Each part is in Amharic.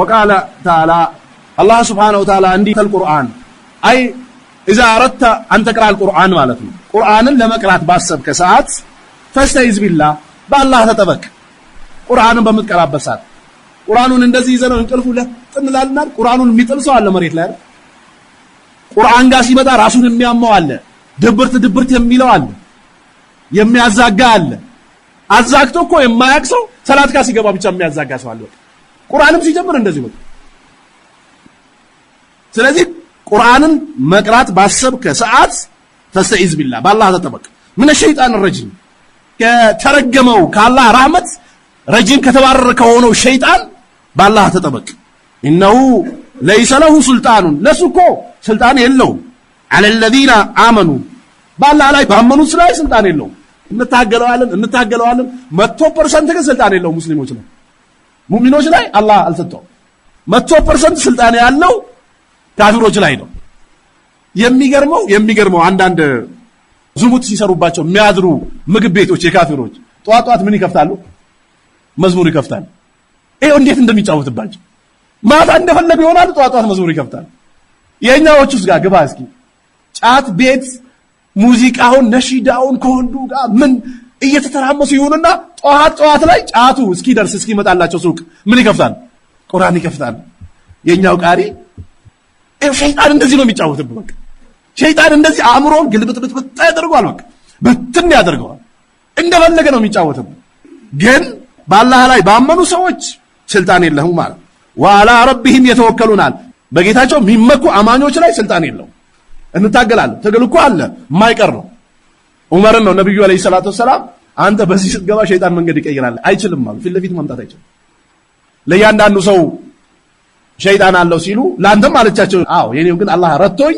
وقال تعالى الله سبحانه وتعالى عندي القرآن أي إذا أردت أن تقرأ القرآن مالتنا قرآن لما قرأت باسب كساعات فاستعذ بالله በአላህ ተጠበቅ። ቁርአንን በምትቀራበት ሰዓት ቁርአኑን እንደዚህ ይዘነው እንቅልፉ ለጥንላልና ቁርአኑን የሚጥል ሰው አለ መሬት ላይ አይደል? ቁርአን ጋር ሲመጣ ራሱን የሚያመው አለ፣ ድብርት ድብርት የሚለው አለ፣ የሚያዛጋ አለ። አዛግቶ እኮ የማያቅ ሰው ሰላት ጋር ሲገባ ብቻ የሚያዛጋ ሰው አለ። ቁርአንም ሲጀምር እንደዚህ ነው። ስለዚህ ቁርአንን መቅራት ባሰብከ ሰዓት ተስተዒዝ ቢላ በአላህ ተጠበቅ። ምን ሸይጣን ረጅም ከተረገመው ከአላህ ራህመት ረጅም ከተባረረ ከሆነው ሸይጣን በአላህ ተጠበቅ። ኢነሁ ለይሰ ለሁ ሱልጣኑን ለሱ እኮ ስልጣን የለውም። አለ አመኑ በአላህ ላይ ባመኑት ላይ ስልጣን የለውም። እንታገለዋለን እንታገለዋለን። መቶ ፐርሰንት ግን ስልጣን የለውም ሙስሊሞች ነው። ሙሚኖች ላይ አላህ አልሰጠውም። መቶ ፐርሰንት ስልጣን ያለው ካፊሮች ላይ ነው። የሚገርመው የሚገርመው አንዳንድ ዝሙት ሲሰሩባቸው የሚያድሩ ምግብ ቤቶች የካፊሮች ጠዋት ጠዋት ምን ይከፍታሉ? መዝሙር ይከፍታል። ይሄው እንዴት እንደሚጫወትባቸው ማታ እንደፈለገ ይሆናሉ። ጠዋት ጠዋት መዝሙር ይከፍታል። የእኛዎቹ ጋር ግባ እስኪ ጫት ቤት ሙዚቃውን ነሺዳውን ከወንዱ ጋር ምን እየተተራመሱ ይሆኑና ጠዋት ጠዋት ላይ ጫቱ እስኪደርስ እስኪመጣላቸው ሱቅ ምን ይከፍታል? ቁርአን ይከፍታል። የኛው ቃሪ ሸይጣን እንደዚህ ነው የሚጫወትብህ። በቃ ሸይጣን እንደዚህ አእምሮን ግልብጥብጥብጥ ያደርገዋል። በቃ ብትን ያደርገዋል። እንደፈለገ ነው የሚጫወትብህ። ግን በአላህ ላይ ባመኑ ሰዎች ስልጣን የለህም ማለት ዋላ ረቢህም የተወከሉናል። በጌታቸው የሚመኩ አማኞች ላይ ስልጣን የለውም። እንታገላለን። ትግል እኮ አለ፣ የማይቀር ነው ዑመርን ነው ነብዩ አለይሂ ሰላቱ ሰላም አንተ በዚህ ስትገባ ሸይጣን መንገድ ይቀይራል አይችልም ማለት ፊት ለፊት መምጣት አይችልም። ለእያንዳንዱ ሰው ሸይጣን አለው ሲሉ ለአንተም አለቻቸው። አዎ የኔው ግን አላህ ረቶኝ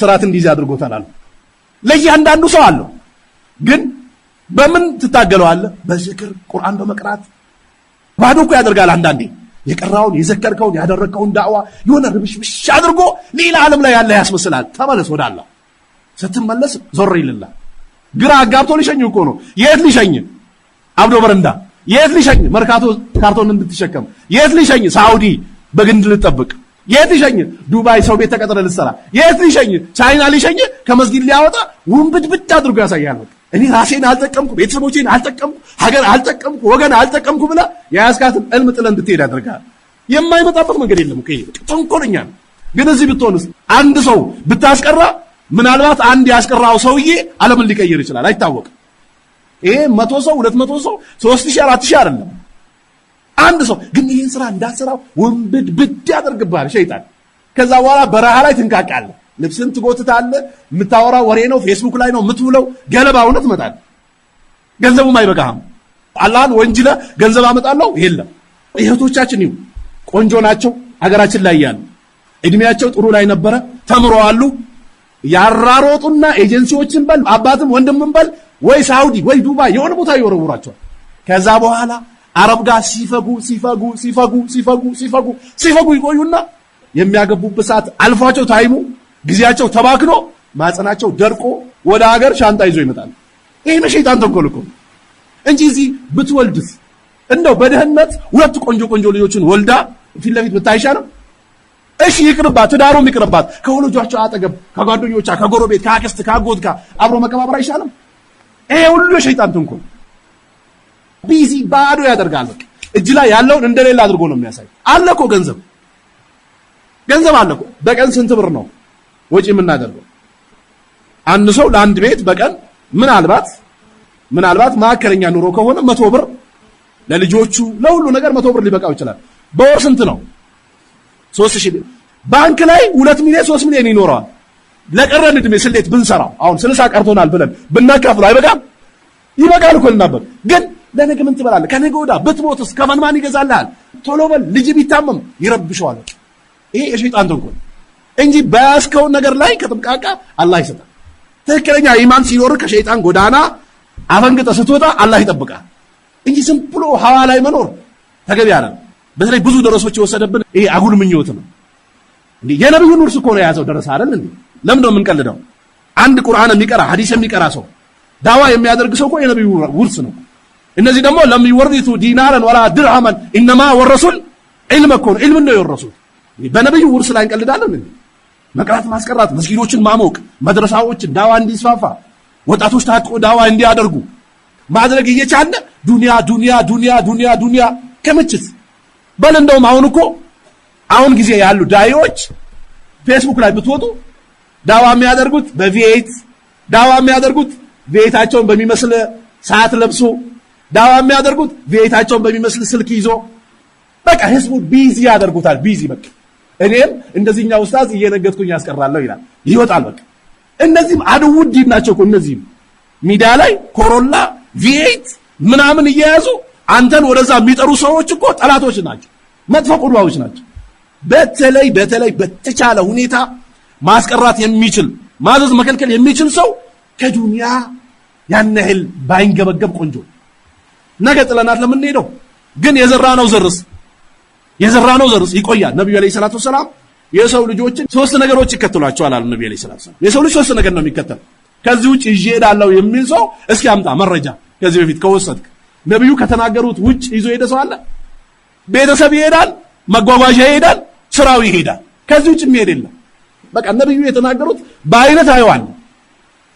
ስርዓት እንዲይዝ አድርጎታል አሉ። ለእያንዳንዱ ሰው አለው ግን በምን ትታገለዋለህ? በዝክር ቁርአን በመቅራት ባዶ እኮ ያደርጋል። አንዳንዴ የቀራውን የዘከርከውን ያደረግከውን ዳዕዋ የሆነ ርብሽብሽ አድርጎ ሌላ ዓለም ላይ ያለ ያስመስላል። ተመለስ ወደ አላህ ስትመለስ ዞር ይልላል። ግራ አጋብቶ ሊሸኝ እኮ ነው። የት ሊሸኝ? አብዶ በረንዳ። የት ሊሸኝ? መርካቶ ካርቶን እንድትሸከም። የት ሊሸኝ? ሳውዲ በግንድ ልጠብቅ። የት ሊሸኝ? ዱባይ ሰው ቤት ተቀጥረ ልሰራ። የት ሊሸኝ? ቻይና ሊሸኝ፣ ከመስጊድ ሊያወጣ ብድ አድርጎ ያሳያል። እኔ ራሴን አልጠቀምኩ፣ ቤተሰቦቼን አልጠቀምኩ፣ ሀገር አልጠቀምኩ፣ ወገን አልጠቀምኩ ብላ የያዝካትን እልም ጥለ እንድትሄድ አድርጋል። የማይመጣበት መንገድ የለም። ተንኮለኛ ግን እዚህ ብትሆንስ አንድ ሰው ብታስቀራ ምናልባት አንድ ያስቀራው ሰውዬ ዓለምን ሊቀይር ይችላል፣ አይታወቅም። ይሄ መቶ ሰው ሁለት መቶ ሰው ሶስት ሺህ አራት ሺህ አይደለም አንድ ሰው ግን ይህን ስራ እንዳትሰራው ወንብድ ብድ ያደርግብሃል ሸይጣን። ከዛ በኋላ በረሃ ላይ ትንቃቃለ ልብስን ትጎትታለ፣ የምታወራ ወሬ ነው፣ ፌስቡክ ላይ ነው የምትውለው። ገለባ እውነት ትመጣለህ፣ ገንዘቡም አይበቃህም። አላህን ወንጅለ ገንዘብ አመጣለሁ የለም። እህቶቻችን ይሁን ቆንጆ ናቸው፣ ሀገራችን ላይ ያሉ እድሜያቸው ጥሩ ላይ ነበረ፣ ተምረዋሉ ያራሮጡና ኤጀንሲዎችን በል አባትም ወንድምም በል ወይ ሳውዲ ወይ ዱባይ የሆነ ቦታ ይወረውራቸዋል። ከዛ በኋላ አረብ ጋር ሲፈጉ ሲፈጉ ሲፈጉ ሲፈጉ ሲፈጉ ሲፈጉ ይቆዩና የሚያገቡበት ሰዓት አልፏቸው ታይሙ ጊዜያቸው ተባክኖ ማጽናቸው ደርቆ ወደ ሀገር ሻንጣ ይዞ ይመጣል። ይሄ ነው ሸይጣን ተንኮል እኮ እንጂ እዚህ ብትወልድስ እንደው በደህንነት ሁለት ቆንጆ ቆንጆ ልጆችን ወልዳ ፊት ለፊት ብታይሻ ነው። እሺ ይቅርባት፣ ትዳሩም ይቅርባት። ከወላጆቿ አጠገብ፣ ከጓደኞቿ፣ ከጎረቤት፣ ከአክስት፣ ከአጎት ጋር አብሮ መቀባበር አይሻልም? ይሄ ሁሉ የሸይጣን ተንኮል ቢዚ ባዶ ያደርጋል። እጅ ላይ ያለውን እንደሌላ አድርጎ ነው የሚያሳይ። አለ እኮ ገንዘብ ገንዘብ አለ እኮ። በቀን ስንት ብር ነው ወጪ የምናደርገው? አንድ ሰው ለአንድ ቤት በቀን ምናልባት ምናልባት መካከለኛ ኑሮ ከሆነ መቶ ብር ለልጆቹ ለሁሉ ነገር መቶ ብር ሊበቃው ይችላል። በወር ስንት ነው 3000 ባንክ ላይ 2 ሚሊዮን 3 ሚሊዮን ይኖረዋል። ለቀረን እድሜ ስሌት ብንሰራ አሁን ስልሳ ቀርቶናል ብለን ብናካፍሉ አይበቃም? ይበቃል እኮ ልናበር ግን ለነገ ምን ትበላለህ? ከነገ ወዲያ ብትሞትስ ከማን ማን ይገዛልሃል? ቶሎ በል ልጅ ቢታመም ይረብሸዋል። ይሄ የሸይጣን ተንኮል እንጂ በያዝከውን ነገር ላይ ከጥብቃቃ አላህ ይሰጣል። ትክክለኛ ኢማን ሲኖር ከሸይጣን ጎዳና አፈንግጠ ስትወጣ አላህ ይጠብቃል እንጂ ዝም ብሎ ሀዋ ላይ መኖር ተገቢ አለ። በተለይ ብዙ ደረሶች የወሰደብን ይሄ አጉል ምኞት ነው። እንዴ የነብዩን ውርስ እኮ ነው የያዘው ደረሰ አይደል እንዴ? ለምን ነው የምንቀልደው? አንድ ቁርአን የሚቀራ ሐዲስ የሚቀራ ሰው ዳዋ የሚያደርግ ሰው እኮ የነብዩ ውርስ ነው። እነዚህ ደግሞ ለም ይወርቱ ዲናራን ወላ ድርሃማን ኢነማ ወረሱል ዒልም እኮ ነው። ነው የወረሱት። በነብዩ ውርስ ላይ እንቀልዳለን እንዴ? መቅራት ማስቀራት፣ መስጊዶችን ማሞቅ፣ መድረሳዎችን ዳዋ እንዲስፋፋ ወጣቶች ታጥቆ ዳዋ እንዲያደርጉ ማድረግ እየቻለ ዱንያ ዱንያ ዱንያ ዱንያ ዱንያ ከመችት በል እንደውም አሁን እኮ አሁን ጊዜ ያሉ ዳዮች ፌስቡክ ላይ ብትወጡ ዳዋ የሚያደርጉት በቪኤት ዳዋ የሚያደርጉት ቪኤታቸውን በሚመስል ሰዓት ለብሶ ዳዋ የሚያደርጉት ቪኤታቸውን በሚመስል ስልክ ይዞ በቃ ህዝቡ ቢዚ ያደርጉታል። ቢዚ በቃ እኔም እንደዚህኛው ኡስታዝ እየነገጥኩኝ ያስቀራለሁ ይላል ይወጣል። በቃ እነዚህም አድውድ ናቸው እኮ እነዚህም ሚዲያ ላይ ኮሮላ ቪኤት ምናምን እየያዙ አንተን ወደዛ የሚጠሩ ሰዎች እኮ ጠላቶች ናቸው፣ መጥፎ ናቸው። በተለይ በተለይ በተቻለ ሁኔታ ማስቀራት የሚችል ማዘዝ መከልከል የሚችል ሰው ከዱንያ ያን ያህል ባይንገበገብ ቆንጆ። ነገ ጥለናት ለምንሄደው ግን የዘራ ነው ዘርስ የዘራ ነው ዘርስ ይቆያል። ነብዩ አለይሂ ሰላቱ ሰላም የሰው ልጆችን ሶስት ነገሮች ይከተሏቸዋል አሉ። ነብዩ አለይሂ ሰላቱ ሰላም የሰው ልጅ ሶስት ነገር ነው የሚከተል። ከዚህ ውጭ ይዤ እሄዳለሁ የሚል ሰው እስኪ አምጣ መረጃ ከዚህ በፊት ከወሰድክ ነቢዩ ከተናገሩት ውጭ ይዞ ሄደ ሰው አለ? ቤተሰብ ይሄዳል፣ መጓጓዣ ይሄዳል፣ ስራው ይሄዳል። ከዚህ ውጭ የሚሄድ የለም። በቃ ነቢዩ የተናገሩት በአይነት አየዋል።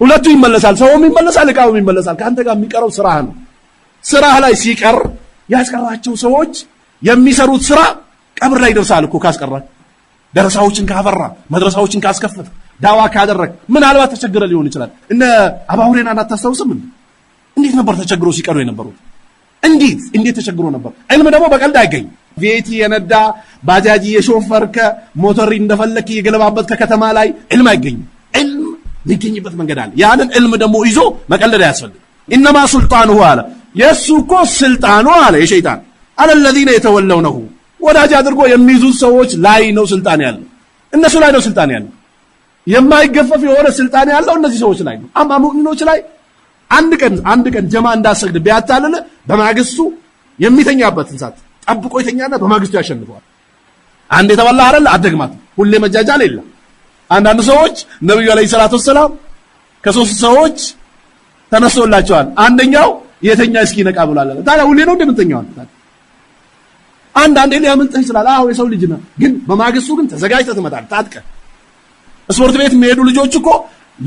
ሁለቱ ይመለሳል፣ ሰውም ይመለሳል፣ እቃውም ይመለሳል። ከአንተ ጋር የሚቀረው ስራህ ነው። ስራህ ላይ ሲቀር ያስቀራቸው ሰዎች የሚሰሩት ስራ ቀብር ላይ ይደርሳል እኮ ካስቀራህ፣ ደረሳዎችን ካፈራ፣ መድረሳዎችን ካስከፈት፣ ዳዋ ካደረግ፣ ምናልባት ተቸግረ ሊሆን ይችላል። እነ አባሁሬና እናታስታውስም እንዴት ነበር ተቸግሮ ሲቀሩ የነበሩት? እንዴት እንዴት ተቸግሮ ነበር። ዕልም ደግሞ በቀልድ አይገኝም። ቤት የነዳ ባጃጅ የሾፈርከ ሞተር እንደፈለክ የገለባበት ከከተማ ላይ ዕልም አይገኝም። ዕልም የሚገኝበት መንገድ አለ። ያንን ዕልም ደግሞ ይዞ መቀለድ አያስፈልግም። ኢነማ ሱልጣኑሁ አለ የእሱ እኮ ስልጣኑ አለ የሸይጣን አለ የተወለውነሁ ወዳጅ አድርጎ የሚይዙት ሰዎች ላይ ነው ስልጣን ያለው እነሱ ላይ ነው ስልጣን ያለው የማይገፈፍ የሆነ ስልጣን ያለው እነዚህ ሰዎች ላይ ነው። አማ ሙእሚኖች ላይ አንድ ቀን አንድ ቀን ጀማ እንዳሰግድ ቢያታለለ በማግስቱ የሚተኛበትን ሰዓት ጠብቆ ይተኛና በማግስቱ ያሸንፈዋል። አንድ የተባላ አይደል አደግማት ሁሌ መጃጃል የለም። አንዳንድ ሰዎች ነብዩ አለይሂ ሰላቱ ሰላም ከሶስት ሰዎች ተነስቶላቸዋል። አንደኛው የተኛ እስኪ ነቃ ብሏል። ታዲያ ሁሌ ነው እንደምንተኛው አንድ አንዴ ሊያመልጥህ ይችላል። አዎ የሰው ልጅ ነው፣ ግን በማግስቱ ግን ተዘጋጅተህ ትመጣለህ ታጥቀህ። ስፖርት ቤት የሚሄዱ ልጆች እኮ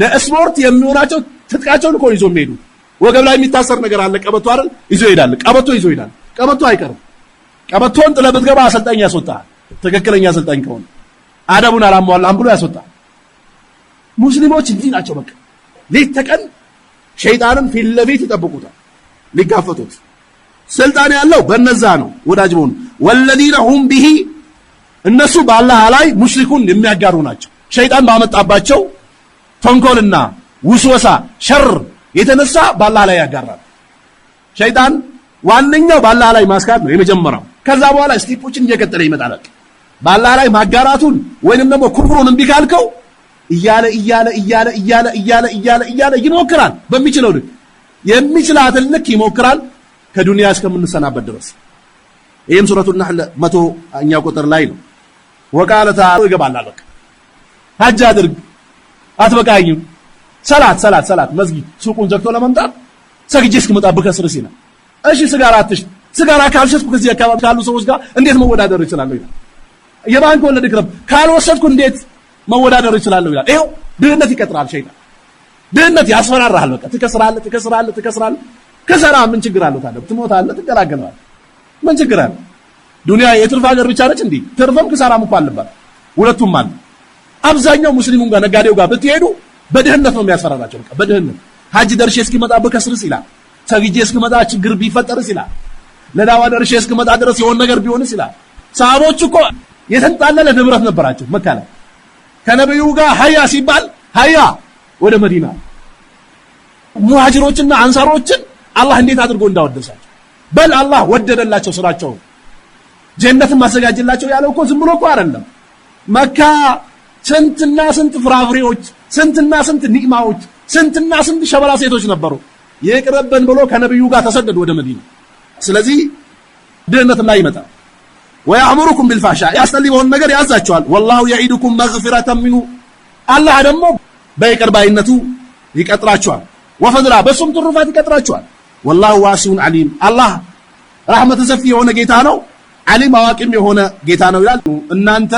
ለስፖርት የሚሆናቸው ትጥቃቸውን እኮ ይዞ የሚሄዱ ወገብ ላይ የሚታሰር ነገር አለ። ቀበቶ አይደል? ይዞ ይሄዳል። ቀበቶ ይዞ ይሄዳል። ቀበቶ አይቀርም። ቀበቶን ጥለህ ብትገባ አሰልጣኝ ያስወጣል። ትክክለኛ አሰልጣኝ ከሆነ አደቡን አላሟላም ብሎ ያስወጣል። ሙስሊሞች እንዲህ ናቸው። በቃ ሌት ተቀን ሸይጣንን ፊት ለፊት ይጠብቁታል፣ ሊጋፈቱት ስልጣን ያለው በነዛ ነው። ወዳጅ መሆኑ ወለዲነ ሁም ቢሂ እነሱ በአላህ ላይ ሙሽሪኩን የሚያጋሩ ናቸው። ሸይጣን ባመጣባቸው ተንኮልና ውስወሳ ሸር የተነሳ ባላህ ላይ ያጋራል። ሸይጣን ዋነኛው ባላ ላይ ማስካት ነው የመጀመሪያው። ከዛ በኋላ ስቲፖችን እየቀጠለ ይመጣል። ባላህ ላይ ማጋራቱን ወይንም ደግሞ ኩፍሩን እምቢ ካልከው እያለ እያለ እያለ እያለ እያለ እያለ እያለ ይሞክራል። በሚችለው ልክ የሚችላትን ልክ ይሞክራል ከዱንያ እስከምንሰናበት ድረስ። ይህም ሱረቱ መቶ መቶኛ ቁጥር ላይ ነው። ወቃለ ተዓላ ይገባል። በቃ ሀጅ አድርግ አትበቃኝም ሰላት ሰላት ሰላት መስጊድ ሱቁን ዘግቶ ለመምጣት ሰግጄ እስክመጣ ብከስርስ ይላል። እሺ ስጋራ አትሽ ስጋራ ካልሸጥኩ ከዚህ አካባቢ ካሉ ሰዎች ጋር እንዴት መወዳደር እችላለሁ ይላል። የባንክ ወለድ ቅረብ ካልወሰድኩ እንዴት መወዳደር እችላለሁ ይላል። ይኸው ድህነት ይቀጥራል። ሸይጣን ድህነት ያስፈራራሃል። በቃ ትከስራለህ፣ ትከስራለህ፣ ትከስራለህ። ከሰራ ምን ችግር አለው ታዲያ? ትሞታለህ፣ ትገላገለዋለህ። ምን ችግር አለ? ዱንያ የትርፍ ሀገር ብቻ ነች እንዴ? ትርፍም ክሳራም እኮ አለባት፣ ሁለቱም አለ። አብዛኛው ሙስሊሙን ጋር ነጋዴው ጋር ብትሄዱ በድህነት ነው የሚያስፈራራቸው። በቃ በድህነት ሀጅ ደርሼ እስኪመጣ ብከስርስ ይላል። ሰግጄ እስኪመጣ ችግር ቢፈጠርስ ይላል። ለዳዋ ደርሼ እስኪመጣ ድረስ የሆነ ነገር ቢሆንስ ይላል። ሰሃቦች እኮ የተንጣለለ ንብረት ነበራቸው መካ ላይ። ከነቢዩ ጋር ሀያ ሲባል ሀያ ወደ መዲና ሙሃጅሮችና አንሳሮችን አላህ እንዴት አድርጎ እንዳወደሳቸው በል አላህ ወደደላቸው ስራቸው ጀነትን ማዘጋጀላቸው ያለው እኮ ዝም ብሎ እኮ አይደለም መካ ስንትና ስንት ፍራፍሬዎች፣ ስንትና ስንት ኒዕማዎች፣ ስንትና ስንት ሸበላ ሴቶች ነበሩ። ይቅረበን ብሎ ከነብዩ ጋር ተሰደዱ ወደ መዲና። ስለዚህ ድህነት ላይ ይመጣል። ወያእምሩኩም ቢልፋሻ ያስጠሊበውን ነገር ያዛቸዋል። ወላሁ የዒዱኩም መግፊረተን ሚኑ አላህ ደግሞ በይቅር ባይነቱ ይቀጥራቸዋል። ወፈድላ በሱም ትሩፋት ይቀጥራቸዋል። ወላሁ ዋሲዑን ዓሊም አላህ ራሕመተ ሰፊ የሆነ ጌታ ነው። ዓሊም አዋቂም የሆነ ጌታ ነው ይላል። እናንተ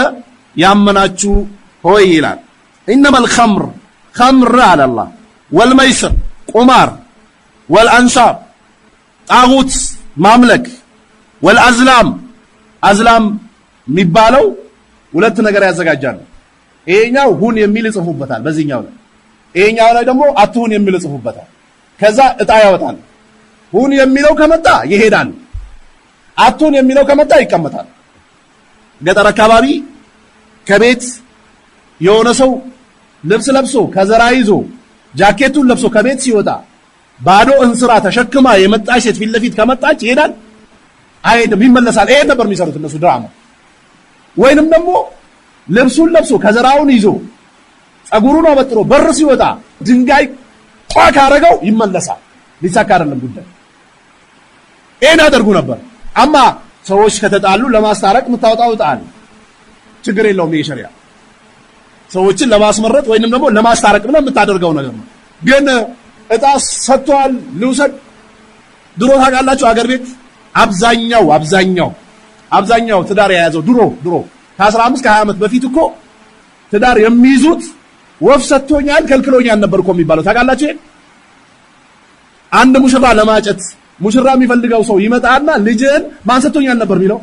ያመናችሁ ሆይ ይላል። ኢነመል ኸምር ኸምር አለ አላህ ወልመይስር ቁማር፣ ወልአንሳብ ጣጉት ማምለክ፣ ወልአዝላም አዝላም የሚባለው ሁለት ነገር ያዘጋጃሉ። ይሄኛው ሁን የሚል ይጽፉበታል በዚህኛው ላይ፣ ይሄኛው ላይ ደግሞ አትሁን የሚል ይጽፉበታል። ከዛ እጣ ያወጣል። ሁን የሚለው ከመጣ ይሄዳል፣ አትሁን የሚለው ከመጣ ይቀመጣል። ገጠር አካባቢ ከቤት የሆነ ሰው ልብስ ለብሶ ከዘራ ይዞ ጃኬቱን ለብሶ ከቤት ሲወጣ ባዶ እንስራ ተሸክማ የመጣች ሴት ፊት ለፊት ከመጣች ይሄዳል አይሄድም? ይመለሳል። ይሄ ነበር የሚሰሩት እነሱ ድራማ። ወይንም ደግሞ ልብሱን ለብሶ ከዘራውን ይዞ ጸጉሩን አበጥሮ በር ሲወጣ ድንጋይ ቋ ካረገው ይመለሳል። ሊሳካ አይደለም ጉዳይ። ይሄን ያደርጉ ነበር። አማ ሰዎች ከተጣሉ ለማስታረቅ የምታወጣው ጣል ችግር የለውም ይሄ ሸሪያ ሰዎችን ለማስመረጥ ወይንም ደግሞ ለማስታረቅ ብለህ የምታደርገው ነገር ነው። ግን እጣ ሰጥቷል ልውሰድ። ድሮ ታውቃላችሁ አገር ቤት አብዛኛው አብዛኛው አብዛኛው ትዳር የያዘው ድሮ ድሮ ከ15 ከ20 ዓመት በፊት እኮ ትዳር የሚይዙት ወፍ ሰጥቶኛል ከልክሎኛል ነበር እኮ የሚባለው ታውቃላችሁ። አንድ ሙሽራ ለማጨት ሙሽራ የሚፈልገው ሰው ይመጣና ልጅን ማን ሰጥቶኛል ነበር የሚለው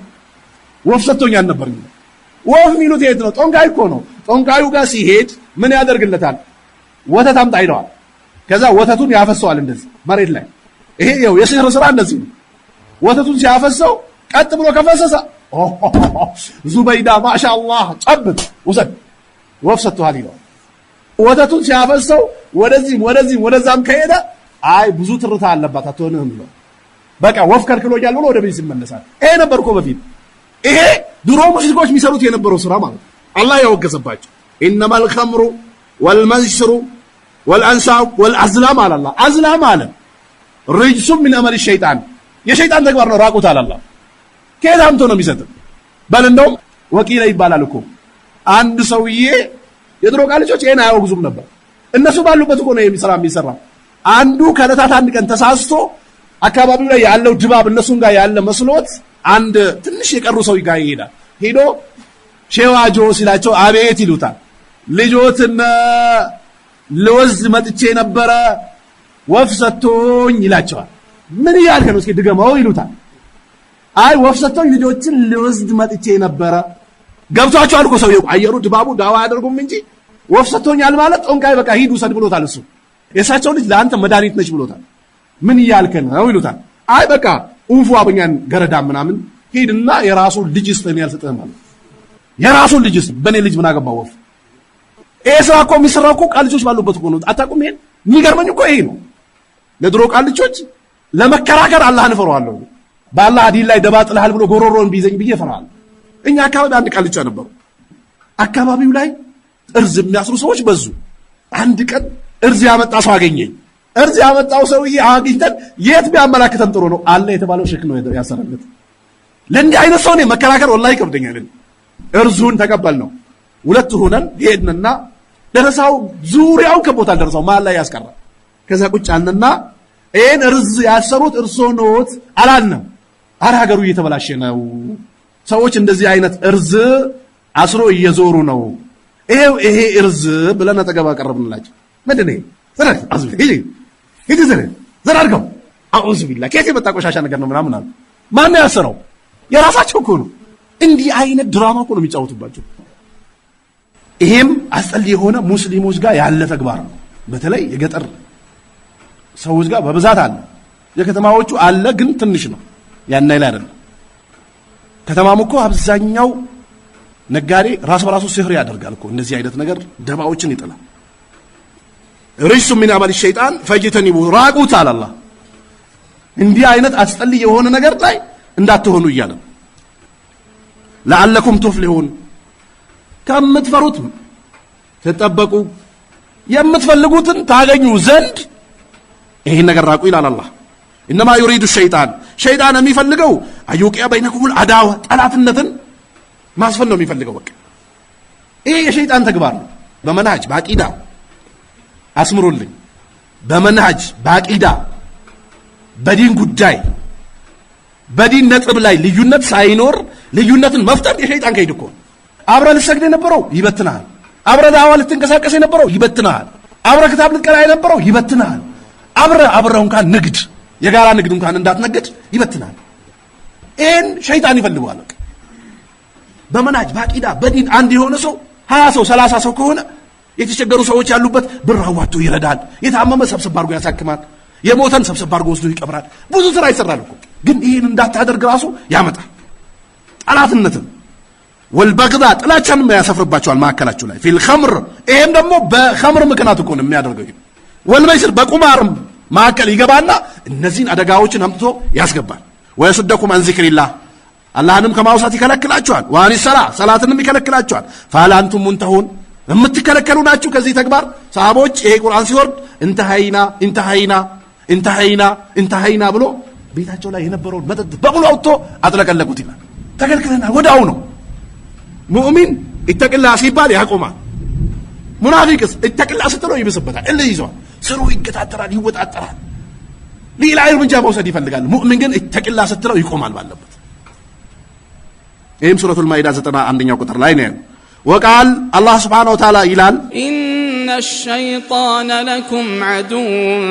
ወፍ ሰጥቶኛል ነበር የሚለው ወፍ የሚሉት የት ነው? ጦንጋይ እኮ ነው። ጠንቋዩ ጋር ሲሄድ ምን ያደርግለታል? ወተት አምጣ ይለዋል። ከዛ ወተቱን ያፈሰዋል እንደዚህ መሬት ላይ። ይሄ ይኸው የሲህር ስራ እንደዚህ ነው። ወተቱን ሲያፈሰው ቀጥ ብሎ ከፈሰሰ ዙበይዳ ማሻአላህ ጨብጥ ውሰድ ወፍ ሰጥቶሃል ይለዋል። ወተቱን ሲያፈሰው ወደዚህም ወደዚህም ወደዛም ከሄደ አይ ብዙ ትርታ አለባት አትሆንህም ብሎ በቃ ወፍ ከልክሎኛል ብሎ ወደ ቤት ይመለሳል። ይሄ ነበር እኮ በፊት ይሄ ድሮ ሙሽሪኮች የሚሰሩት የነበረው ስራ ማለት ነው። አላህ ያወገዘባቸው ኢነማል ኸምሩ ወልመንስሩ ወልአንሳብ ወልአዝላም አላላ አዝላም አለ ርጅሱም ሚን አመል ሸይጣን የሸይጣን ተግባር ነው ራቁት አለ ከየት አምቶ ነው የሚሰጥም በል እንደውም ወቂለ ይባላል እኮ አንድ ሰውዬ የድሮ ቃልቾች ይሄን አያወግዙም ነበር እነሱ ባሉበት እኮ ነው የሚሰራ የሚሰራ አንዱ ከዕለታት አንድ ቀን ተሳስቶ አካባቢው ላይ ያለው ድባብ እነሱን ጋር ያለ መስሎት አንድ ትንሽ የቀሩ ሰው ጋር ይሄዳል ሄዶ ሼዋጆ ሲላቸው አቤት ይሉታል። ልጆትን ልወዝ መጥቼ ነበረ ወፍ ሰጥቶኝ ይላቸዋል። ምን እያልከ ነው? እስኪ ድገመው ይሉታል። አይ ወፍ ሰጥቶኝ ልጆችን ልወዝድ መጥቼ ነበረ። ገብቷቸዋል እኮ ሰውዬው። አየሩ ድባቡ ዳዋ አያደርጉም እንጂ ወፍ ሰጥቶኛል ማለት ጦንቃይ፣ በቃ ሂድ ውሰድ ብሎታል። እሱ የእሳቸው ልጅ ለአንተ መድኃኒት ነች ብሎታል። ምን እያልከ ነው ይሉታል። አይ በቃ ኡንፉ በእኛን ገረዳ ምናምን ሂድና የራሱ ልጅ ስጠን ያልሰጠህ ማለት የራሱን ልጅስ በእኔ ልጅ ምን አገባው? ወፍ ይሄ ስራ እኮ የሚሰራው እኮ ቃል ልጆች ባሉበት እኮ ነው። አታውቁም? ይሄን የሚገርመኝ እኮ ይሄ ነው። ለድሮ ቃል ልጆች ለመከራከር አላህን እፈራዋለሁ። በአላህ ዲን ላይ ደባ ብሎ ጎሮሮን ቢይዘኝ ብዬ እፈራለሁ። እኛ አካባቢ አንድ ቃል ልጅ ነበሩ። አካባቢው ላይ እርዝ የሚያስሩ ሰዎች በዙ። አንድ ቀን እርዝ ያመጣ ሰው አገኘኝ። እርዝ ያመጣው ሰውዬ አግኝተን የት ቢያመላክተን ጥሩ ነው አለ የተባለው ሸክ ነው ያሰረለት። ለእንዲህ አይነት ሰው እኔ መከራከር ወላሂ ይከብደኛል። እርሱን ተቀበል ነው። ሁለት ሆነን ሄድንና ደረሳው። ዙሪያው ከቦታ ደረሳው መሀል ላይ ያስቀራ። ከዛ ቁጭ አልንና ይሄን እርዝ ያሰሩት እርሶ ኖት አላልንም። አረ ሀገሩ እየተበላሸ ነው። ሰዎች እንደዚህ አይነት እርዝ አስሮ እየዞሩ ነው። ይሄው ይሄ እርዝ ብለን አጠገብ አቀረብንላቸው። ምንድን ይሄ ይሄ ዘራ ዘራርገው ቢላ ከዚህ የመጣ ቆሻሻ ነገር ነው ምናምን አሉ። ማን ያሰረው? የራሳቸው እኮ ነው እንዲህ አይነት ድራማ እኮ ነው የሚጫወቱባቸው። ይሄም አስጠል የሆነ ሙስሊሞች ጋር ያለ ተግባር ነው። በተለይ የገጠር ሰዎች ጋር በብዛት አለ። የከተማዎቹ አለ ግን ትንሽ ነው። ያን ላይ አይደለም። ከተማም እኮ አብዛኛው ነጋዴ ራስ በራሱ ስህር ያደርጋል እኮ እንደዚህ አይነት ነገር ደባዎችን ይጥላል። ሪሱ ምን አመል ሸይጣን ፈጅተኒቡ ራቁት አላላ እንዲህ አይነት አስጠል የሆነ ነገር ላይ እንዳትሆኑ እያለም ለአለኩም ቱፍሊሁን ከምትፈሩት ትጠበቁ የምትፈልጉትን ታገኙ ዘንድ ይህን ነገር ራቁ ይላል አላህ። ኢነማ ዩሪዱ ሸይጣን ሸይጣን የሚፈልገው አዩቅያ በይነኩሙል አዳዋ ጠላትነትን ማስፈን ነው የሚፈልገው። በቃ ይሄ የሸይጣን ተግባር ነው። በመናሃጅ በአቂዳ አስምሩልኝ። በመናሃጅ በአቂዳ በዲን ጉዳይ በዲን ነጥብ ላይ ልዩነት ሳይኖር ልዩነትን መፍጠር የሸይጣን ከይድ እኮ። አብረ ልትሰግድ የነበረው ይበትናል። አብረ ዳዋ ልትንቀሳቀስ የነበረው ይበትናል። አብረ ክታብ ልትቀራ የነበረው ይበትናል። አብረ አብረው እንኳን ንግድ የጋራ ንግድ እንኳን እንዳትነግድ ይበትናል። ይህን ሸይጣን ይፈልገዋል። በመናጅ በአቂዳ በዲን አንድ የሆነ ሰው ሀያ ሰው ሰላሳ ሰው ከሆነ የተቸገሩ ሰዎች ያሉበት ብር አዋቶ ይረዳል። የታመመ ሰብሰብ አድርጎ ያሳክማል። የሞተን ሰብሰብ አድርጎ ወስዶ ይቀብራል። ብዙ ስራ ይሰራል እኮ ግን ይህን እንዳታደርግ ራሱ ያመጣል። ጠላትነትን ወልበግዛ ጥላቻንም ያሰፍርባቸዋል መካከላቸው ላይ ፊል ኸምር ይሄም ደግሞ በኸምር ምክንያት እኮ ነው የሚያደርገው። ወልመይስር በቁማርም መካከል ይገባና እነዚህን አደጋዎችን አምጥቶ ያስገባል። ወየሱደኩም አን ዚክሪላህ አላህንም ከማውሳት ይከለክላቸዋል። ዋኒ ሰላ ሰላትንም ይከለክላቸዋል። ፈሀል ሙንተሁን የምትከለከሉ ናችሁ ከዚህ ተግባር? ሰሃቦች ይሄ ቁርአን ሲወርድ እንተሃይና እንተሃይና እንተሃይና እንተሃይና ብሎ ቤታቸው ላይ የነበረውን መጠጥ በሙሉ አውጥቶ አጥለቀለቁት ይላል። ተከልክለናል። ወደ አሁኑ ነው። ሙእሚን ኢተቅላ ሲባል ያቆማል። ሙናፊቅስ ኢተቅላ ስትለው ይብስበታል፣ እልህ ይዘዋል፣ ስሩ ይገታተራል፣ ይወጣጠራል፣ ሌላ እርምጃ መውሰድ ይፈልጋል። ሙእሚን ግን ኢተቅላ ስትለው ይቆማል ባለበት። ይህም ሱረቱል ማኢዳ ዘጠና አንደኛው ቁጥር ላይ ነው። ወቃል አላህ ስብሓነሁ ወተዓላ ይላል ኢነ ሸይጣነ ለኩም ዐዱውን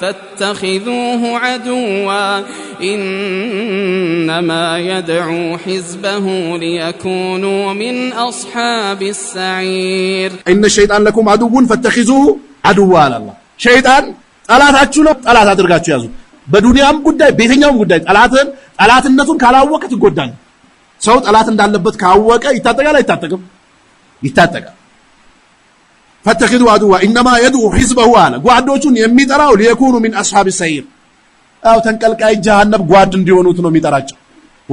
ፈተኺዙሁ ዐዱዋ إنما يدعو حزبه ليكونوا من أصحاب السعير إن الشيطان لكم عدو فاتخذوه عدوا على الله ሸይጣን ጠላታችሁ ነው፣ ጠላት አድርጋችሁ ያዙ። በዱንያም ጉዳይ በየትኛውም ጉዳይ ጠላትን ጠላትነቱን ካላወቀ ትጎዳል። ሰው ጠላት እንዳለበት ካወቀ ይታጠቃል። አይታጠቅም? ይታጠቃል። ፈተኪዙ አድዋ ኢነማ የድዑ ሒዝበሁ አለ ጓዶቹን የሚጠራው ሊየኩኑ ሚን አስሓብ ሰይር፣ አው ተንቀልቃይ ጀሃነብ ጓድ እንዲሆኑት ነው የሚጠራቸው።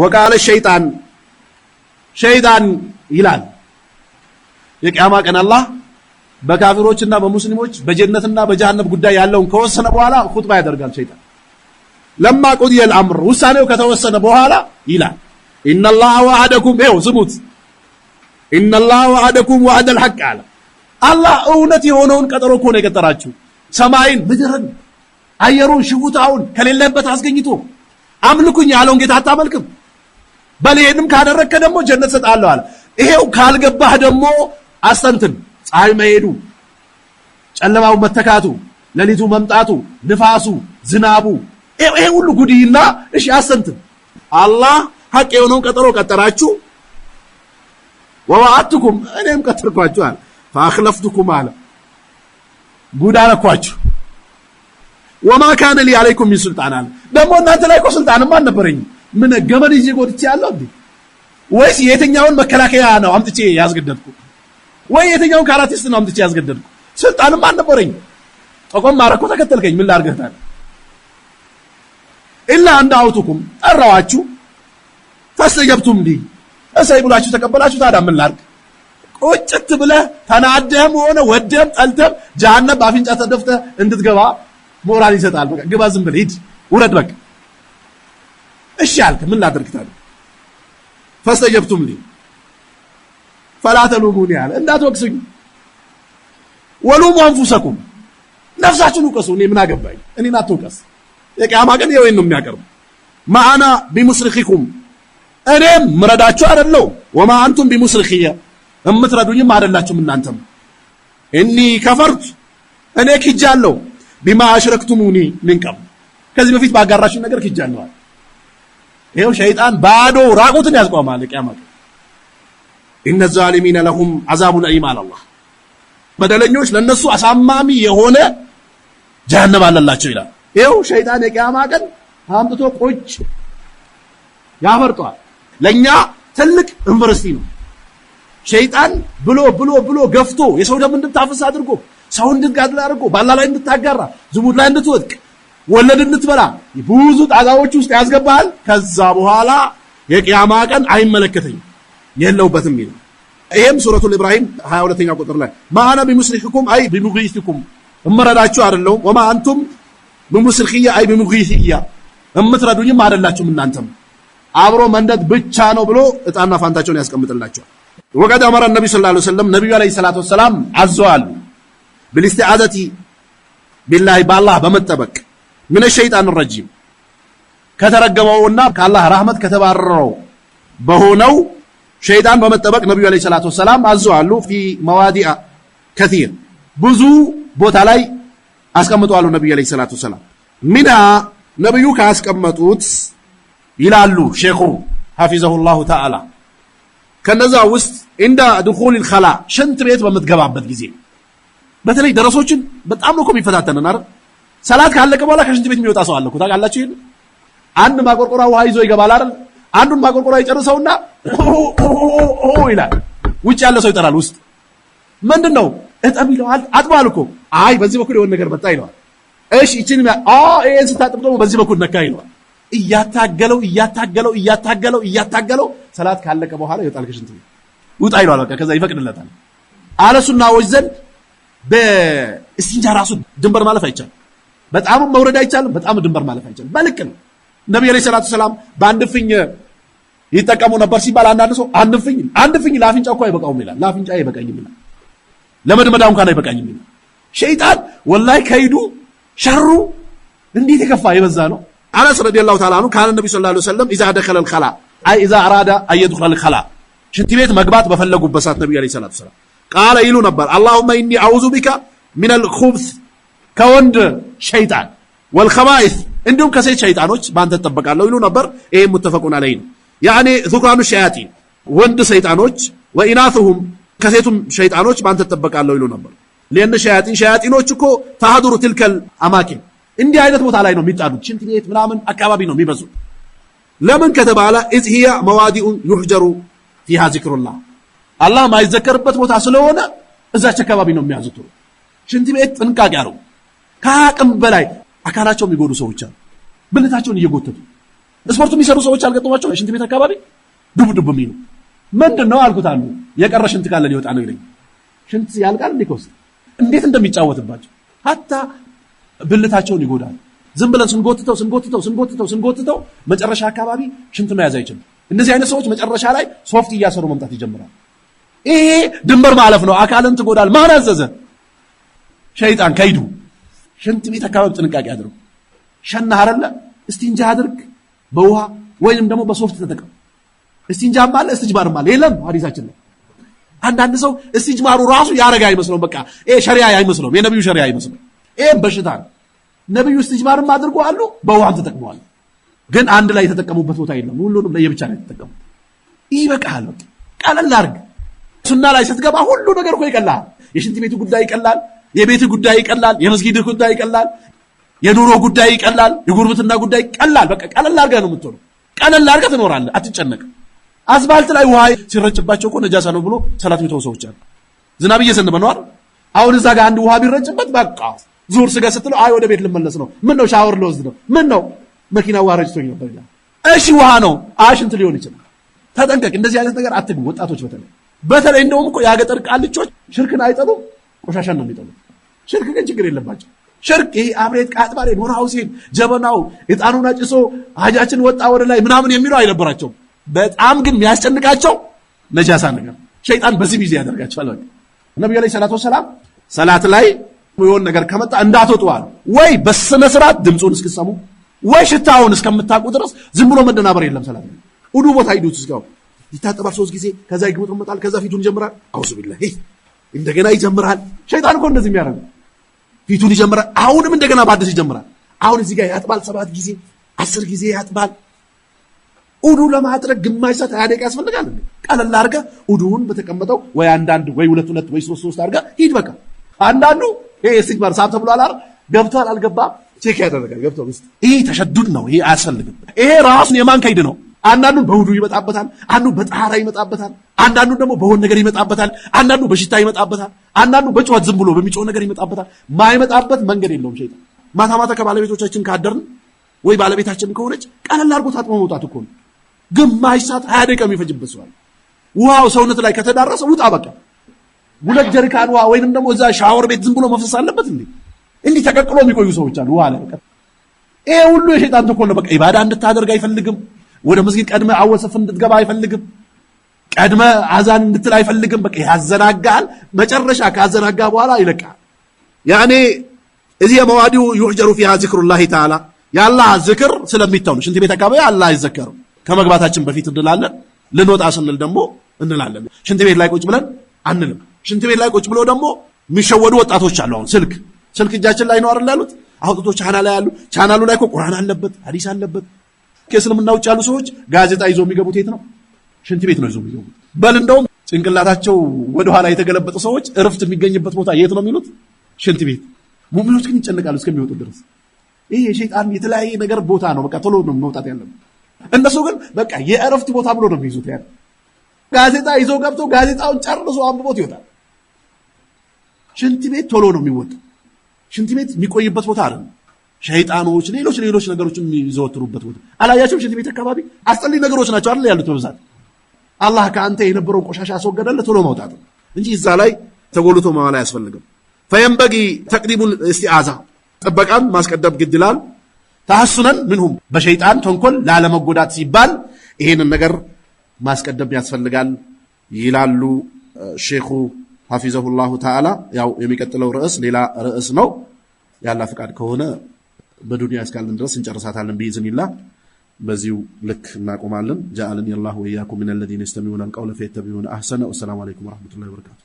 ወቃለ ሸይጣን ሸይጣን ይላል። የቅያማ ቀን አላህ በካፊሮችና በሙስሊሞች በጀነትና በጀሃነም ጉዳይ ያለውን ከወሰነ በኋላ ኹጥባ ያደርጋል። ሸይጣን ለማ ቁድየል አምር ውሳኔው ከተወሰነ በኋላ ይላል ኢነላህ ወዐደኩም ይኸው ስሙት ኢነላህ ወዐደኩም ወዐደል ሐቅ አለ አላህ እውነት የሆነውን ቀጠሮ እኮ ነው የቀጠራችሁ ሰማይን ምድርን አየሩን ሽውታውን ከሌለበት አስገኝቶ አምልኩኝ ያለውን ጌታ አታመልክም በል ይሄንም ካደረግከ ደግሞ ጀነት ሰጣለሁ አለ። ይሄው ካልገባህ ደግሞ አስተንትን። ፀሐይ መሄዱ፣ ጨለማው መተካቱ፣ ሌሊቱ መምጣቱ፣ ንፋሱ፣ ዝናቡ፣ ይሄ ሁሉ ጉድይና እሺ አስተንትን። አላህ ሐቅ የሆነውን ቀጠሮ ቀጠራችሁ። ወዋዓትኩም እኔም ቀጠርኳችሁ አለ። ፈአኽለፍቱኩም አለ ጉድ አለኳችሁ። ወማ ካነ ሊ ዓለይኩም ሚን ሱልጣን አለ። ደግሞ እናንተ ላይ እኮ ስልጣንም አልነበረኝም ምን ገመድ ይዤ ጎትቼ ያለው እንዴ? ወይስ የትኛውን መከላከያ ነው አምጥቼ ያስገደድኩ? ወይ የትኛውን ካራቲስት ነው አምጥቼ ያስገደድኩ? ስልጣንም አልነበረኝ። ጠቆም ማረኮ ተከተልከኝ። ምን ላድርግህ ታዲያ? ኢላ አንድ አውቱኩም ጠራዋችሁ፣ ፈስተጀብቱም ሊ እሰይ ብላችሁ ተቀበላችሁ። ታዲያ ምን ላድርግ? ቁጭት ብለህ ተናደህም ሆነ ወደህም ጠልተህም ጀሃነም በአፍንጫ ተደፍተህ እንድትገባ ሞራል ይሰጣል። በቃ ግባ፣ ዝም ብለህ ሂድ፣ ውረድ በቃ እሺ አልክ። ምን ላድርግ ታዲያ? ፈስተጀብቱም ሊ ፈላ ተሉሙኒ አለ እንዳትወቅሱኝ። ወሉሙ አንፉሰኩም ነፍሳችሁን ውቀሱ፣ እኔ ምን አገባኝ? እኔን አትውቀስ። የቂያማ ቀን የወይን ነው የሚያቀርቡ ማአና ቢሙስሪኪኩም እኔም ምረዳችሁ አይደለው። ወማ አንቱም ቢሙስሪኪየ እምትረዱኝም አይደላችሁም እናንተም። እኒ ከፈርት እኔ ክጃለሁ ቢማ አሽረክቱሙኒ ምን ከዚህ በፊት ባጋራችሁ ነገር ክጃለዋል። ይኸው ሸይጣን ባዶ ራቁትን ያስቆማል ቅያመቱ። ኢነ ዛሊሚነ ለሁም አዛቡ አሊም አላህ በደለኞች ለነሱ አሳማሚ የሆነ ጀሃነም አለላቸው ይላል። ይኸው ሸይጣን የቅያማ ቀን አምጥቶ ቁጭ ያፈርጠዋል። ለእኛ ትልቅ ዩኒቨርሲቲ ነው። ሸይጣን ብሎ ብሎ ብሎ ገፍቶ የሰው ደም እንድታፈስ አድርጎ ሰው እንድትጋድል አድርጎ ባላ ላይ እንድታጋራ ዝሙት ላይ እንድትወድቅ ወለድ እንድትበላ ብዙ ጣጣዎች ውስጥ ያስገባሃል። ከዛ በኋላ የቅያማ ቀን አይመለከተኝም የለውበትም ይላል። ይሄም ሱረቱል ኢብራሂም 22ኛ ቁጥር ላይ ማአና ቢሙስሊኩም አይ ቢሙግይቲኩም እመረዳችሁ አይደለሁም። ወማ አንቱም ቢሙስሊኪያ አይ ቢሙግይቲያ እምትረዱኝም አይደላችሁም እናንተም አብሮ መንደት ብቻ ነው ብሎ እጣና ፋንታቸውን ያስቀምጥላቸዋል። ወቀድ አመረ ነቢ ሰለላሁ ዐለይሂ ወሰለም ነቢዩ ዐለይሂ ሰላቱ ወሰላም አዘዋሉ ብልስቲዓዘቲ ቢላሂ በአላህ በመጠበቅ ምን ሸይጣን ረጂም ከተረገመውና ከአላህ ራህመት ከተባረረው በሆነው ሸይጣን በመጠበቅ ነቢዩ ዓለይሂ ሰላቱ ወሰላም አዘዋሉ። ፊ መዋዲአ ከቲር ብዙ ቦታ ላይ አስቀምጠዋሉ። ነቢዩ ዓለይሂ ሰላቱ ወሰላም ሚና ነቢዩ ካስቀመጡት ይላሉ ሼኹ ሐፊዘሁላሁ ተዓላ ከነዛ ውስጥ እንደ ድኹሊል ኸላ ሽንት ቤት በምትገባበት ጊዜ በተለይ ደረሶችን በጣም ነው እኮ የሚፈታተንን አይደል ሰላት ካለቀ በኋላ ከሽንት ቤት የሚወጣ ሰው አለ እኮ ታውቃላችሁ። ይሄን አንድ ማቆርቆራ ውሃ ይዞ ይገባል አይደል? አንዱን ማቆርቆራ ይጨርሰውና ኦ ይላል። ውጭ ያለ ሰው ይጠራል። ውስጥ ምንድን ነው እጠብ ይለዋል። አጥባል እኮ አይ በዚህ በኩል የሆነ ነገር መጣ ይለዋል። እሺ እቺን ኦ ይሄን ስታጥብ ደግሞ በዚህ በኩል ነካ ይለዋል። እያታገለው እያታገለው እያታገለው እያታገለው ሰላት ካለቀ በኋላ ይወጣል ከሽንት ቤት ውጣ ይለዋል። በቃ ከዛ ይፈቅድለታል። አለሱናዎች ዘንድ በእስቲንጃ ራሱ ድንበር ማለፍ አይቻልም። በጣም መውረድ አይቻልም፣ በጣም ድንበር ማለፍ አይቻልም። በልክ ነው። ነብዩ አለይሂ ሰላቱ ሰላም በአንድ ፍኝ ይጠቀሙ ነበር ሲባል አንዳንድ ሰው አንድ ፍኝ አንድ ፍኝ ለአፍንጫ እኮ አይበቃውም ይላል። ለአፍንጫ አይበቃኝም ይላል። ለመድመዳ እንኳን አይበቃኝም ይላል። ሸይጣን ወላሂ ከይዱ ሸሩ እንዴት የከፋ የበዛ ነው። አነስ ረዲየላሁ ተዓላ አንሁ ካለ ነብዩ ሰለላሁ ዐለይሂ ወሰለም ኢዛ ደኸለ አልኸላ አይ ኢዛ አራዳ አየድኹለ አልኸላ ሽንት ቤት መግባት በፈለጉበት ሰዓት ነብዩ አለይሂ ሰላቱ ሰላም ቃለ ይሉ ነበር አላሁመ ኢኒ አዑዙ ቢከ ሚነል ኹብስ ከወንድ ሸይጣን ወልከባኢስ እንዲሁም ከሴት ሸይጣኖች በአንተ ትጠበቃለሁ ይሉ ነበር። ይሄ ሙተፈቁን አለይ ነው። ያኔ ዙክራኑ ሸያጢን ወንድ ሸይጣኖች ወኢናትሁም ከሴቱም ሸይጣኖች በአንተ ትጠበቃለሁ ይሉ ነበር። ሊአን ሸያጢን ሸያጢኖች እኮ ተሃዱሩ ትልከል አማኪን እንዲህ አይነት ቦታ ላይ ነው የሚጣዱት። ሽንት ቤት ምናምን አካባቢ ነው የሚበዙ። ለምን ከተባለ ኢዝ ሂያ መዋዲኡን ዩሕጀሩ ፊሃ ዚክሩላህ አላህ ማይዘከርበት ቦታ ስለሆነ እዛች አካባቢ ነው የሚያዙት። ሽንት ቤት ጥንቃቄ አድርጉ። ከአቅም በላይ አካላቸው የሚጎዱ ሰዎች አሉ። ብልታቸውን እየጎተቱ ስፖርቱ የሚሰሩ ሰዎች አልገጠሟቸው ሽንት ቤት አካባቢ ዱብ ዱብ የሚሉ ምንድን ነው አልኩት አሉ። የቀረ ሽንት ካለ ሊወጣ ነው ይለኝ። ሽንት ያልቃል እንዴ ከውስጥ እንዴት እንደሚጫወትባቸው ሀታ ብልታቸውን ይጎዳል። ዝም ብለን ስንጎትተው ስንጎትተው ስንጎትተው ስንጎትተው መጨረሻ አካባቢ ሽንት መያዝ አይችልም። እነዚህ አይነት ሰዎች መጨረሻ ላይ ሶፍት እያሰሩ መምጣት ይጀምራል። ይሄ ድንበር ማለፍ ነው። አካልን ትጎዳል። ማን አዘዘ? ሸይጣን ከይዱ ሽንት ቤት አካባቢ ጥንቃቄ አድርጉ። ሸና አይደለ እስቲንጃ አድርግ በውሃ ወይም ደግሞ በሶፍት ተጠቀም። እስቲንጃም አለ እስትጅማርም አለ የለም ሀዲሳችን ላይ አንዳንድ ሰው እስትጅማሩ ራሱ ያረጋ አይመስለውም። በቃ ይሄ ሸሪያ አይመስለውም፣ የነብዩ ሸሪያ አይመስለውም። ይሄም በሽታ ነው። ነብዩ እስትጅማርም አድርጎ አሉ በውሃም ተጠቅመዋል። ግን አንድ ላይ የተጠቀሙበት ቦታ የለም። ሁሉንም ለየብቻ ነው የተጠቀሙት። ይህ በቃ ቀለል አድርግ። ሱና ላይ ስትገባ ሁሉ ነገር እኮ ይቀላል። የሽንት ቤቱ ጉዳይ ይቀላል። የቤት ጉዳይ ይቀላል፣ የመስጊድ ጉዳይ ይቀላል፣ የኑሮ ጉዳይ ይቀላል፣ የጉርብትና ጉዳይ ይቀላል። በቃ ቀለል አድርገህ ነው የምትሆነው። ቀለል አድርገህ ትኖራለህ፣ አትጨነቅም። አስፋልት ላይ ውሃ ሲረጭባቸው እኮ ነጃሳ ነው ብሎ ሰላት የሚተው ሰዎች አሉ። ዝናብ እየዘነበ ነው አይደል? አሁን እዛ ጋር አንድ ውሃ ቢረጭበት በቃ ዙር ስጋ ስትለው አይ ወደ ቤት ልመለስ ነው። ምን ነው ሻወር ልወስድ ነው። ምን ነው መኪና ውሃ ረጭቶኝ ነበር ይላል። እሺ ውሃ ነው አሽንት ሊሆን ይችላል። ተጠንቀቅ። እንደዚህ አይነት ነገር አትግቡ። ወጣቶች በተለይ በተለይ እንደውም እኮ የገጠር ቃልቾች ሽርክን አይጠሉም። ቆሻሻን ነው የሚጠሉ። ሽርክ ግን ችግር የለባቸው። ሽርክ ይህ አብሬት ቃጥባሬን ሲል ጀበናው ዕጣኑን አጭሶ አጃችን ወጣ ወደ ላይ ምናምን የሚለው አይነበራቸውም። በጣም ግን የሚያስጨንቃቸው ነጃሳ ነገር ሸይጣን በዚህ ጊዜ ያደርጋቸዋል። ነቢዩ ዓለይሂ ሰላቱ ወሰላም ሰላት ላይ የሆን ነገር ከመጣ እንዳትወጡ ወይ በስነ ስርዓት ድምፁን እስክሰሙ ወይ ሽታውን እስከምታውቁ ድረስ ዝም ብሎ መደናበር የለም። ሰላት ሁሉ ቦታ ሂዱት እስካሁን ይታጠባል ሶስት ጊዜ ከዛ ይግቡት መጣል ከዛ ፊቱን ጀምራል። አውዙ እንደገና ይጀምራል። ሸይጣን እኮ እንደዚህ የሚያደርገው ፊቱን ይጀምራል። አሁንም እንደገና በአዲስ ይጀምራል። አሁን እዚህ ጋር ያጥባል፣ ሰባት ጊዜ አስር ጊዜ ያጥባል። ኡዱ ለማድረግ ግማሽ ሰዓት ሃያ ያስፈልጋል። ቀለል አድርገህ ኡዱውን በተቀመጠው ወይ አንዳንድ ወይ ሁለት ሁለት ወይ ሶስት ሶስት አድርገህ ሂድ። በቃ አንዳንዱ ይሄ እስቲግፋር ሳብ ተብሎ አላር ገብቷል አልገባም ቼክ ያደረጋል። ገብቷል ውስጥ ይሄ ተሸዱድ ነው። ይሄ አያስፈልግም። ይሄ ራሱን የማንከይድ ነው አንዳንዱን በውዱ ይመጣበታል፣ አንዱ በጣራ ይመጣበታል፣ አንዳንዱ ደግሞ በሆን ነገር ይመጣበታል፣ አንዳንዱ በሽታ ይመጣበታል፣ አንዳንዱ በጨዋት ዝም ብሎ በሚጮ ነገር ይመጣበታል። ማይመጣበት መንገድ የለውም ሸይጣን። ማታ ማታ ከባለቤቶቻችን ካደርን ወይ ባለቤታችን ከሆነች ቀለል አድርጎ ታጥሞ መውጣት እኮ ነው። ግማሽ ሰዓት ሀያ ደቂቃ የሚፈጅበት ሰዋል። ውሃው ሰውነት ላይ ከተዳረሰ ውጣ በቃ። ሁለት ጀሪካን ውሃ ወይንም ደግሞ እዛ ሻወር ቤት ዝም ብሎ መፍሰስ አለበት እንዴ? እንዲህ ተቀቅሎ የሚቆዩ ሰዎች አሉ ውሃ ላይ። ይሄ ሁሉ የሸይጣን ተኮል ነው። በቃ ኢባዳ እንድታደርግ አይፈልግም። ወደ መስጊድ ቀድመ አወሰፍ እንድትገባ አይፈልግም። ቀድመ አዛን እንድትል አይፈልግም። በቃ ያዘናጋል። መጨረሻ ካዘናጋ በኋላ ይለቃል። ያኔ እዚህ የመዋዲው ይሕጀሩ ፊሃ ዚክሩላሂ ተዓላ የአላህ ዝክር ስለሚተው ነው። ሽንት ቤት አካባቢ አላህ አይዘከርም። ከመግባታችን በፊት እንላለን፣ ልንወጣ ስንል ደግሞ እንላለን። ሽንት ቤት ላይ ቁጭ ብለን አንልም። ሽንት ቤት ላይ ቁጭ ብሎ ደግሞ የሚሸወዱ ወጣቶች አሉ። አሁን ስልክ ስልክ እጃችን ላይ ነው አይደል ያሉት፣ አውጥቶ ቻናል ላይ ያሉ። ቻናሉ ላይ እኮ ቁርአን አለበት፣ ሐዲስ አለበት ከእስልምና ውጭ ያሉ ሰዎች ጋዜጣ ይዞ የሚገቡት የት ነው? ሽንት ቤት ነው ይዞ የሚገቡት። በል እንደውም ጭንቅላታቸው ወደኋላ የተገለበጡ ሰዎች እርፍት የሚገኝበት ቦታ የት ነው የሚሉት? ሽንት ቤት። ሙሚኖች ግን ይጨነቃሉ እስከሚወጡ ድረስ። ይህ የሸይጣን የተለያየ ነገር ቦታ ነው። በቃ ቶሎ ነው መውጣት ያለበት። እነሱ ግን በቃ የእረፍት ቦታ ብሎ ነው የሚይዙት። ያ ጋዜጣ ይዞ ገብቶ ጋዜጣውን ጨርሶ አንብቦት ይወጣል። ሽንት ቤት ቶሎ ነው የሚወጣ። ሽንት ቤት የሚቆይበት ቦታ አይደለም። ሸይጣኖች፣ ሌሎች ሌሎች ነገሮች የሚዘወትሩበት ቦታ አላያችሁም? ሽንት ቤት አካባቢ አስጠልይ ነገሮች ናቸው አይደል ያሉት በብዛት። አላህ ከአንተ የነበረውን ቆሻሻ አስወገደልህ፣ ቶሎ መውጣት እንጂ እዛ ላይ ተጎልቶ መዋል አያስፈልግም። ፈየንበጊ ተቅዲሙን እስቲአዛ ጥበቃን ማስቀደም ግድላል። ተሐሱነን ምንሁም በሸይጣን ተንኮል ላለመጎዳት ሲባል ይሄንን ነገር ማስቀደም ያስፈልጋል ይላሉ ሼኹ ሐፊዘሁላሁ ተዓላ። ያው የሚቀጥለው ርዕስ ሌላ ርዕስ ነው። ያላ ፍቃድ ከሆነ በዱኒያ እስካለን ድረስ እንጨርሳታለን ቢኢዝኒላ። በዚሁ ልክ እናቆማለን። ጃአለን የላሁ ወያኩም ምን ለዚነ የስተሚዑነ አልቀውለ ፈየተቢዑነ አሕሰነ። ወሰላሙ አለይኩም ወረሕመቱላሂ ወበረካቱ።